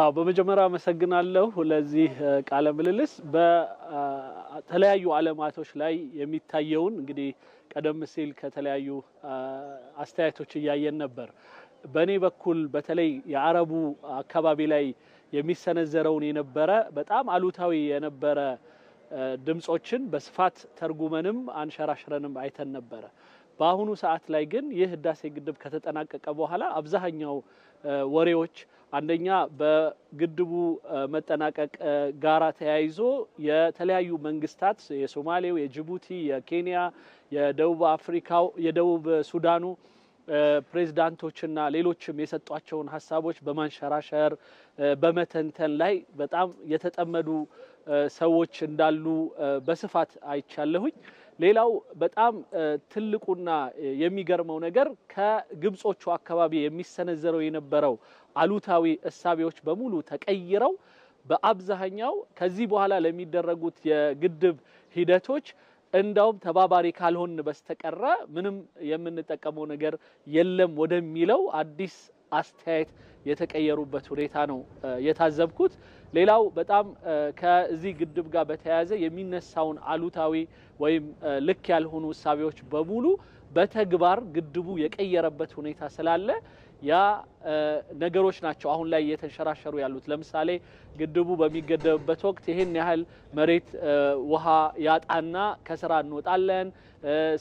አዎ በመጀመሪያ አመሰግናለሁ ለዚህ ቃለ ምልልስ። በተለያዩ አለማቶች ላይ የሚታየውን እንግዲህ ቀደም ሲል ከተለያዩ አስተያየቶች እያየን ነበር። በእኔ በኩል በተለይ የአረቡ አካባቢ ላይ የሚሰነዘረውን የነበረ በጣም አሉታዊ የነበረ ድምጾችን በስፋት ተርጉመንም አንሸራሽረንም አይተን ነበረ። በአሁኑ ሰዓት ላይ ግን ይህ ህዳሴ ግድብ ከተጠናቀቀ በኋላ አብዛኛው ወሬዎች አንደኛ በግድቡ መጠናቀቅ ጋራ ተያይዞ የተለያዩ መንግስታት የሶማሌው፣ የጅቡቲ፣ የኬንያ፣ የደቡብ አፍሪካው፣ የደቡብ ሱዳኑ ፕሬዝዳንቶችና ሌሎችም የሰጧቸውን ሀሳቦች በማንሸራሸር በመተንተን ላይ በጣም የተጠመዱ ሰዎች እንዳሉ በስፋት አይቻለሁኝ። ሌላው በጣም ትልቁና የሚገርመው ነገር ከግብጾቹ አካባቢ የሚሰነዘረው የነበረው አሉታዊ እሳቤዎች በሙሉ ተቀይረው በአብዛኛው ከዚህ በኋላ ለሚደረጉት የግድብ ሂደቶች እንዳውም ተባባሪ ካልሆን በስተቀረ ምንም የምንጠቀመው ነገር የለም ወደሚለው አዲስ አስተያየት የተቀየሩበት ሁኔታ ነው የታዘብኩት። ሌላው በጣም ከዚህ ግድብ ጋር በተያያዘ የሚነሳውን አሉታዊ ወይም ልክ ያልሆኑ እሳቤዎች በሙሉ በተግባር ግድቡ የቀየረበት ሁኔታ ስላለ ያ ነገሮች ናቸው አሁን ላይ እየተንሸራሸሩ ያሉት። ለምሳሌ ግድቡ በሚገደብበት ወቅት ይህን ያህል መሬት ውሃ ያጣና ከስራ እንወጣለን፣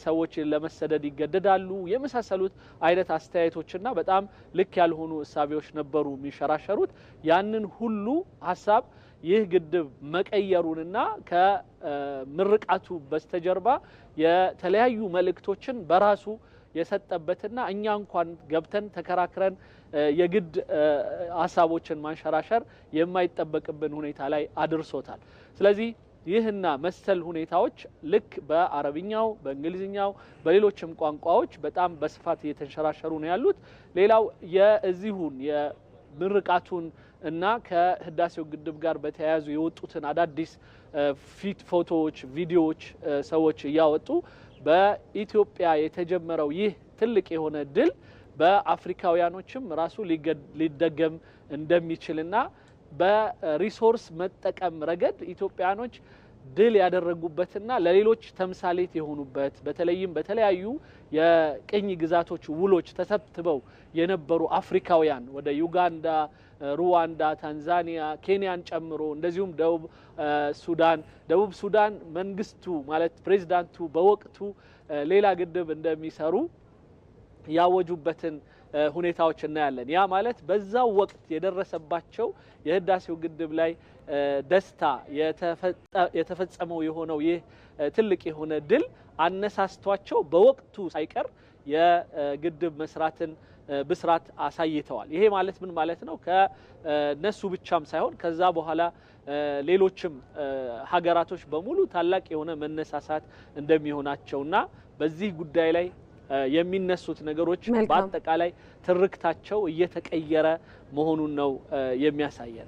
ሰዎች ለመሰደድ ይገደዳሉ፣ የመሳሰሉት አይነት አስተያየቶችና በጣም ልክ ያልሆኑ እሳቤዎች ነበሩ የሚንሸራሸሩት ያንን ሁሉ ሀሳብ ይህ ግድብ መቀየሩንና ከምርቃቱ በስተጀርባ የተለያዩ መልእክቶችን በራሱ የሰጠበትና እኛ እንኳን ገብተን ተከራክረን የግድ ሀሳቦችን ማንሸራሸር የማይጠበቅብን ሁኔታ ላይ አድርሶታል። ስለዚህ ይህና መሰል ሁኔታዎች ልክ በአረብኛው፣ በእንግሊዝኛው፣ በሌሎችም ቋንቋዎች በጣም በስፋት እየተንሸራሸሩ ነው ያሉት። ሌላው የዚሁን የምርቃቱን እና ከህዳሴው ግድብ ጋር በተያያዙ የወጡትን አዳዲስ ፊት ፎቶዎች፣ ቪዲዮዎች ሰዎች እያወጡ በኢትዮጵያ የተጀመረው ይህ ትልቅ የሆነ ድል በአፍሪካውያኖችም ራሱ ሊደገም እንደሚችልና በሪሶርስ መጠቀም ረገድ ኢትዮጵያኖች ድል ያደረጉበትና ለሌሎች ተምሳሌት የሆኑበት በተለይም በተለያዩ የቅኝ ግዛቶች ውሎች ተተብትበው የነበሩ አፍሪካውያን ወደ ዩጋንዳ፣ ሩዋንዳ፣ ታንዛኒያ፣ ኬንያን ጨምሮ እንደዚሁም ደቡብ ሱዳን ደቡብ ሱዳን መንግስቱ ማለት ፕሬዚዳንቱ በወቅቱ ሌላ ግድብ እንደሚሰሩ ያወጁበትን ሁኔታዎች እናያለን። ያ ማለት በዛው ወቅት የደረሰባቸው የህዳሴው ግድብ ላይ ደስታ የተፈጸመው የሆነው ይህ ትልቅ የሆነ ድል አነሳስቷቸው በወቅቱ ሳይቀር የግድብ መስራትን ብስራት አሳይተዋል። ይሄ ማለት ምን ማለት ነው? ከነሱ ብቻም ሳይሆን ከዛ በኋላ ሌሎችም ሀገራቶች በሙሉ ታላቅ የሆነ መነሳሳት እንደሚሆናቸውና በዚህ ጉዳይ ላይ የሚነሱት ነገሮች በአጠቃላይ ትርክታቸው እየተቀየረ መሆኑን ነው የሚያሳየን።